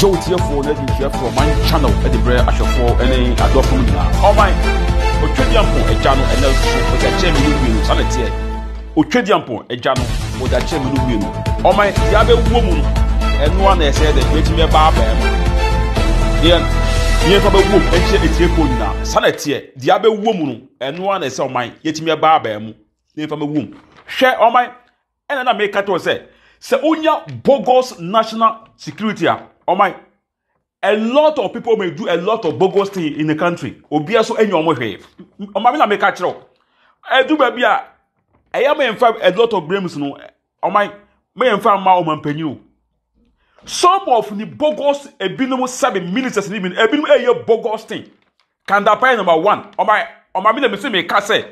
show tiefoɔ na adwinhyiafoɔ man channel de brɛ ahwɛfoɔ ne adɔfo no nyinaa ɔman otwadiampo agya no ɛnɛ so wɔdakyɛ me no mmienu sane teɛ otwadiampo agya no wɔdakyɛ me no mmienu ɔman deɛ abɛwuo mu no na ɛsɛ dɛ yɛtumi ɛba abɛɛ no deɛ nneɛma bɛwuo mu ɛkyɛ etiefoɔ nyinaa sane teɛ deɛ abɛwuo mu no ɛnoa na ɛsɛ ɔman yɛtumi ɛba abɛɛ mu nneɛma bɛwuo mu hwɛ ɔman ɛna na meka to sɛ sɛ wonya bogos national security a ɔman oh a lot of people may do a lot of bogus thing in the country obi so anya ɔmo hwee ɔma mi na meka kyerɛw edu baabi a ɛyɛ mɛ nfa a lot of blames no ɔman mɛ nfa mma ɔmo mpanyin o some of the bogus ebinom sɛbi ministers ni bi ebinom ɛyɛ bogus thing kandapa yɛ number one ɔman ɔma mi na mi si mi ka sɛ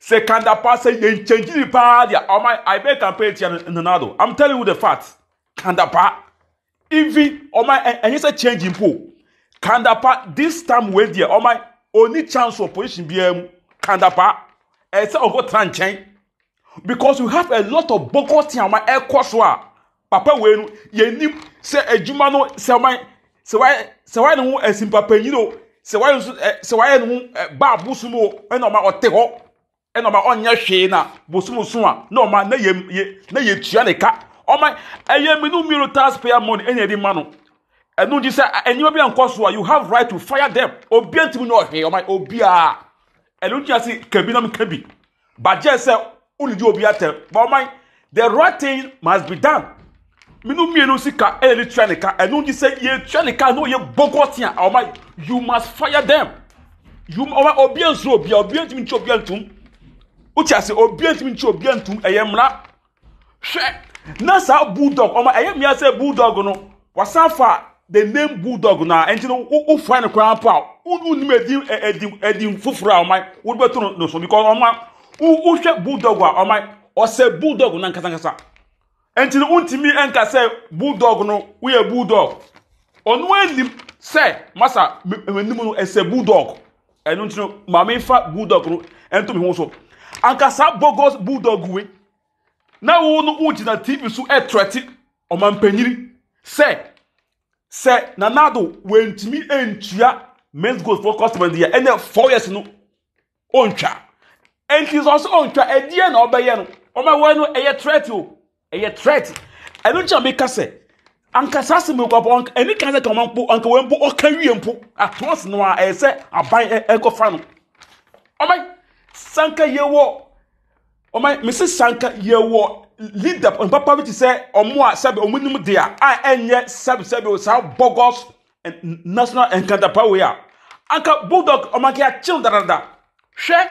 sɛ kandapa sɛ yɛn kyɛnkyini paa deɛ ɔman i bɛ campaign tia nenado i'm telling you the fact kandapa even ọmọ ẹyin sẹ change mpo kandapa this time wey deɛ ọmọ oni chance for position biara mu um, kandapa ɛsɛ ɔkɔ tena nkyɛn because we have a lot of bogus thing ọmọ ɛkɔ so a papa wei eh, no yɛnim sɛ adwuma no sɛ ɔmọ sɛ wayɛ sɛ wayɛ ne ho ɛsimpapanyin o sɛ wayɛ nso ɛ sɛ wayɛ ne ho ɛ baabu sum o ɛna ɔmọ ɔte hɔ ɛna ɔmọ ɔnyɛ hwee na bosom so a na ɔmọ na yɛ yɛ na yɛ tua ne ka ɔma ɛyɛ minnu miro taxpayer money ɛna ɛde ma no ɛnu di sɛ ɛnyɛma bi a nkɔ so a you have right to fire them obi ntumi na ɔhwɛ ɔma obiara ɛnu di ase kabi nam kabi bàjẹ́ sɛ ɔnidi obi atɛ but ɔma the right thing must be done minnu mmienu sika ɛna ɛde tua nika ɛnu di sɛ yɛ tua nika n'o yɛ bɔgɔ tia ɔma you must fire them you ɔma obi nsoro obi a obi ntumi nti obi ntum wotia sɛ obi ntumi nti obi ntum ɛyɛ mmara hwɛ. na saa bulldog ɔmo ɛyɛ mmea sɛ bulldog no wasan fa the name bulldog na ɛnti no wofa ne koraa po a wonim ɛdin ɛdin e, ɛdin foforɔ a ɔmo wɔde bɛto no no so because ɔmo wohwɛ bulldog a ɔsɛ bulldog na nkasankasa ɛnti no wontumi ɛnka sɛ bulldog no woyɛ bulldog ɔno anim sɛ masa m'anim no ɛsɛ bulldog ɛno no maame fa bulldog no mi na wo no wogyina tv so ɛtrɛte ɔmampanyini sɛ sɛ nanado wantumi antua men's goals for customer deɛ ɛnɛ four years no ɔntwa nti sɛ ɔsɛ ɔntwa ɛdeɛ na ɔbɛyɛ no ɔmɛwɔ no ɛyɛ threat o ɛyɛ threat ɛno nkyɛn meka sɛ ankasa asɛm ekɔ abɔ ɛni kan sɛ kama mpo anka wɔn mpo ɔka wie mpo atɔn si no a ɛyɛ sɛ aban ɛkɔfa no ɔmɛ sanka yɛ wɔ ɔma mesi sanka yɛwɔ leader mpapa bi ti sɛ ɔmo a sɛbi ɔmo nim deɛ a ɛnyɛ sɛbi sɛbi o saa bɔgɔs national nkantapawei a anka bulldog ɔmo akɛ akyew dadada hwɛ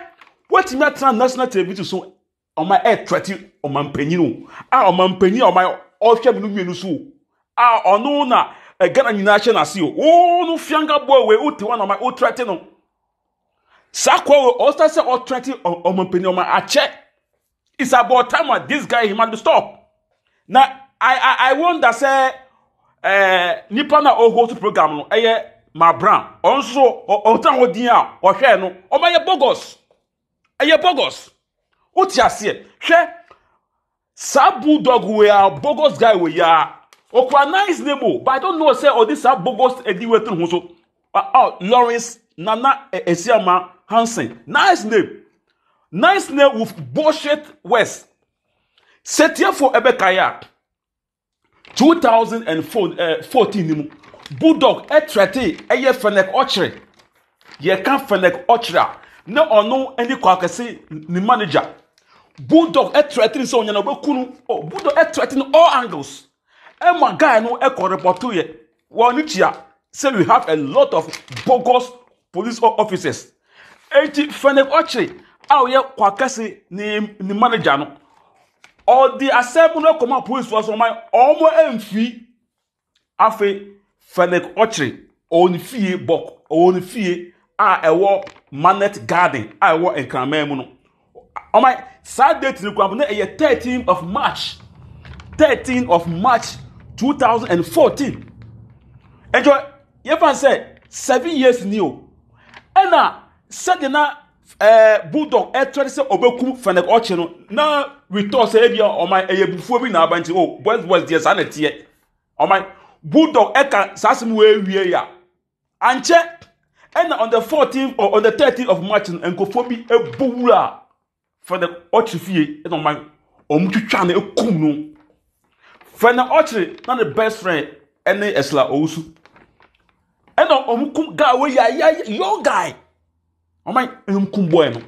wɔtumi atena national television so ɔmo ɛɛtwɛti ɔmo mpanyin o ah, eh, a ɔmo mpanyin a ɔmo ɔhwɛ mu no mmienu so a ɔno na ghana nyinaa hyɛ n'ase o wɔn no fianga bɔ wei o te hɔ na ɔmo ɔtwɛti no saa kɔɔ wei ɔsɛ sɛ ɔtwɛti ɔmo mpanyin ɔmo akyɛ it's about time that this guy him had to stop Now, i i i wonder say ɛɛ eh, nipa na ɔwɔ to program no ɛyɛ ma brown ɔno nso ɔtan hɔ din a ɔhwɛ no ɔmo my, bogus ɛyɛ bogus What wote aseɛ hwɛ saa bulldog we are bogus guy wei a okura nice name o but i don't know say this. saa bogus ɛdi wei to ne so ah, ah lawrence nana ɛsiama e-, hansen nice name nice na with bullshit west setiafo ɛbɛkae a 2014 uh, mu bulldog ɛtrɛte ɛyɛ fenec ɔkyerɛ yɛka fenec ɔkyerɛ a na ɔno ɛne kɔ akɛse ne manager bulldog ɛtrɛte sɛ ɔnyana ɔbɛku no oh, bulldog ɛtrɛte no all angles ɛma guy no ɛkɔ repɔto yɛ wɔn ne kyia say we have a lot of bogus police officers Eighty fenec ɔkyerɛ a ɔyɛ kwakɛse ne ne manager no ɔde asɛm no kɔma polisifoɔ so ɔman ɔmo ɛnfi afei fenec ɔkyere ɔwɔ ne fie bɔk ɔwɔ ne fie a ɛwɔ manet garden a ɛwɔ nkraman mu no ɔman saa date ne kura mo na ɛyɛ thirteen of march thirteen of march two thousand and fourteen ɛnjɔ yɛfa sɛ seven years ni o ɛna sɛde na. Eh, budok ɛtɔre eh, sɛ ɔbɛkum fɛnɛk ɔkye no na retɔ sɛ ebi ɔman ɛyɛ bufuo bi na aba nti o west west deɛ saa na teɛ ɔman bulldog ɛka saa asɛm wo ewie ya ankyɛ ɛna on the fourteen or on the thirteen of march eh, no nkɔfoɔ bi ebu wura fɛnɛk ɔkye fie ɛna ɔman ɔmo twitwa na ekum no fɛnɛk ɔkye na ne best friend ɛne ɛsla ɔwusu ɛna ɔmo kum guy wey yɛ yɛ guy. ɔman nkum bɔɔl no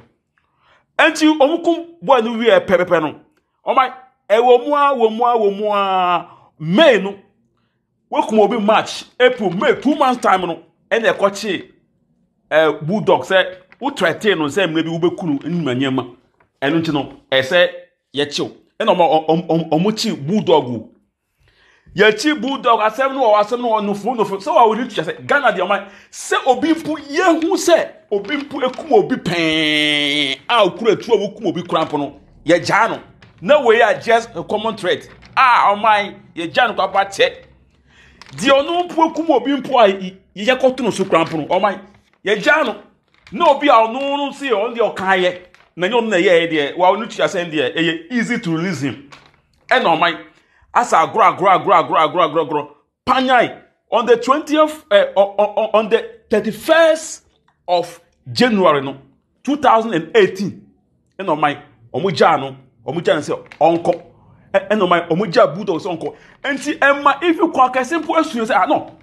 nti wɔn kum bɔɔl no wie pɛpɛpɛ no ɔman ɛwɔ mu a wɔ mu a wɔ mu a may no wɔkum obi march april may two months time no ɛna ɛkɔkye ɛɛ bulldog sɛ wotɔɛtee no sɛ mmerɛ bi wobɛku no nnuma nneɛma ɛno nti no ɛsɛ yɛkyew ɛna ɔmo ɔmo ɔmo kyi bulldog o yɛkyi bulldog asɛm no wɔ asɛm no wɔ nofo nofo sɛ wɔn awuri tuya sɛ ghana deɛ ɔman sɛ obi mpo yehu sɛ obi mpo ekum obi pɛɛn a okura etu a okum obi kura mpo no yɛgyaa no na wei a just common threat a ɔman yɛgyaa no kɔ aba kyɛ deɛ ɔno mpo ekum obi mpo a yɛyɛ no so kura mpo no ɔman yɛgyaa no na obi a ɔno no si ɔno deɛ ɔkan yɛ na nyɛ ɔno na ɛyɛ yɛ deɛ wɔn awuri tuya sɛn deɛ ɛyɛ easy to release him ɛna ɔman asɛ agorɔ agorɔ agorɔ agorɔ agorɔ agorɔ agorɔ panyai on the twentieth uh, eh, on, on the thirty-first of january no two thousand and eighteen ɛna ɔman ɔmo gyaa no ɔmo gyaa ah, no sɛ ɔnkɔ ɛna ɔman ɔmo gyaa bulldog sɛ ɔnkɔ nti ɛma ifi you akɛse mpo esu sɛ ano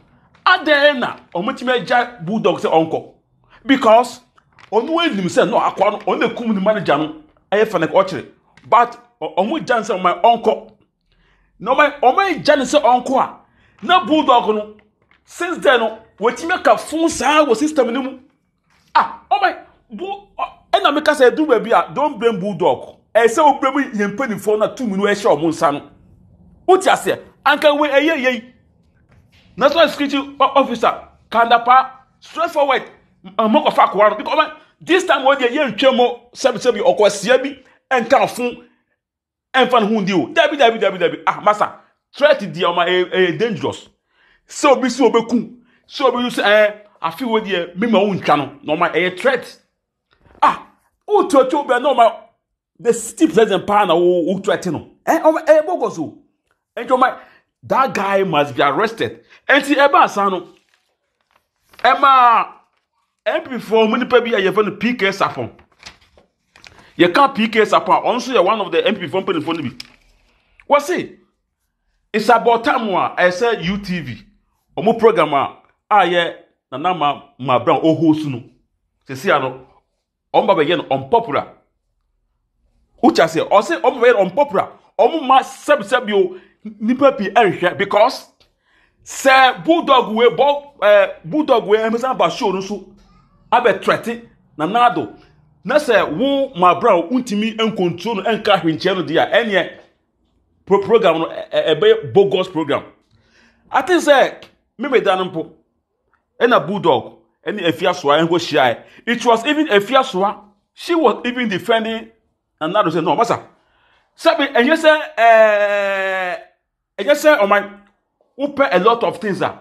adan na ɔmo tìmɛ gya bulldog sɛ ɔnkɔ because ɔno enim say no akɔ no ɔno ekum ne manager no have fɛnɛ ɔkyerɛ but ɔmo gyaa my uncle na ɔmo ɔmo egya ne sɛ ɔnko a na bulldog no since then no wɔtumi aka fun saa wɔ system ne mu ah ɔmo bu ɛna mi kasa edu baabi a don blame bulldog ɛsɛ o blame yɛn mpanyinfoɔ na tum no ɛhyɛ ɔmo nsa no wote aseɛ anka wo ɛyɛ yɛ yi national security officer kandapa straight forward ɔmo kɔfa akɔwa no because ɔmo this time wɔn deɛ yɛn ntwɛn mo sɛbisɛbi ɔkɔ seɛ bi ɛnka fun ɛnfa ne ho ndi o dabi dabi dabi dabi ah masa threat di ɔma ɛyɛ ɛyɛ dangerous sɛ obi si obeku sɛ obi si ɛɛ eh, afi wo deɛ eh, mímu ɔmo ntwa no na ɔma ɛyɛ threat ah o tu etu obia na ɔma the city president paa na o o tu ɛte no ɛɛ ɔma ɛyɛ bogus o ɛnti ɔma that guy must be arrested ɛnti eh, a asan no ɛmaa mp foɔ mu nipa bi a yɛfɛ no pk sapɔn yɛka pk sapa ɔno nso yɛ one of the mp fo mpanimfoɔ no bi wɔse it's about time a ɛsɛ utv ɔmo program a ayɛ nanama ma brown ɔho su no sisi ano ɔmo eh, ba bɛyɛ no unpopular wotwa sɛ ɔse ɔmo bɛyɛ no unpopular ɔmo ma sɛbisɛbi o nipa pii ɛnhwɛ because sɛ bulldog wee bɔ ɛɛ bulldog wee ɛmɛsɛn aba show no so abɛ trɛte na naado na sɛ wo mabra a wontumi nkontrol no nka ahwenkyerɛ no deɛ a ɛneɛ pro program no ɛbɛyɛ bogus program ate sɛ memeda no mpo ɛna bulldog ɛne afiasoa ɛnkɔ hyiaeɛ it was even afiasoa she was even defending anado sɛ no ɔbasa sɛbi ɛnyɛ sɛ ɛɛɛ ɛnyɛ sɛ ɔman wopɛ a lot of things a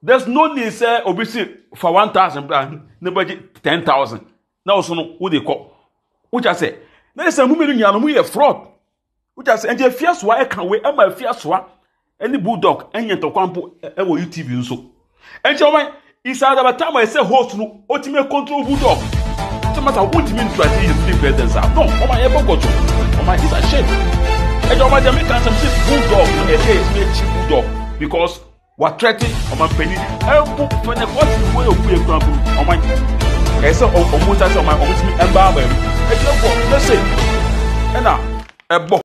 there's no need sɛ obi si for one thousand ne ten thousand na wo so no wo de kɔ wogya sɛ na ɛsɛ mu mmienu nyinaa no mu yɛ fraud wogya sɛ nti afia soa ɛka wei ɛma afia soa ɛne bulldog ɛnyɛ ntɔkwampo ɛwɔ utv nso nti ɔman isaadaba tam a ɛsɛ host no otumi control bulldog sɛ mata wotumi ntuate yɛ free president saa no ɔman yɛbɔ gɔtɔ ɔman is a shame ɛdi ɔman deɛ meka nsɛm sɛ bulldog no ɛsɛ yɛtumi akyi bulldog because watrɛte ɔman panyin ɛmpo fɛnɛ kɔsi wo yɛ ofu yɛ kura mpo ɔman ɛyɛ sɛ ɔmo ta sɛ ɔman ɔmo tumi ɛbaa baabi ɛkyerɛ kɔ ɛsɛ ɛna ɛbɔ.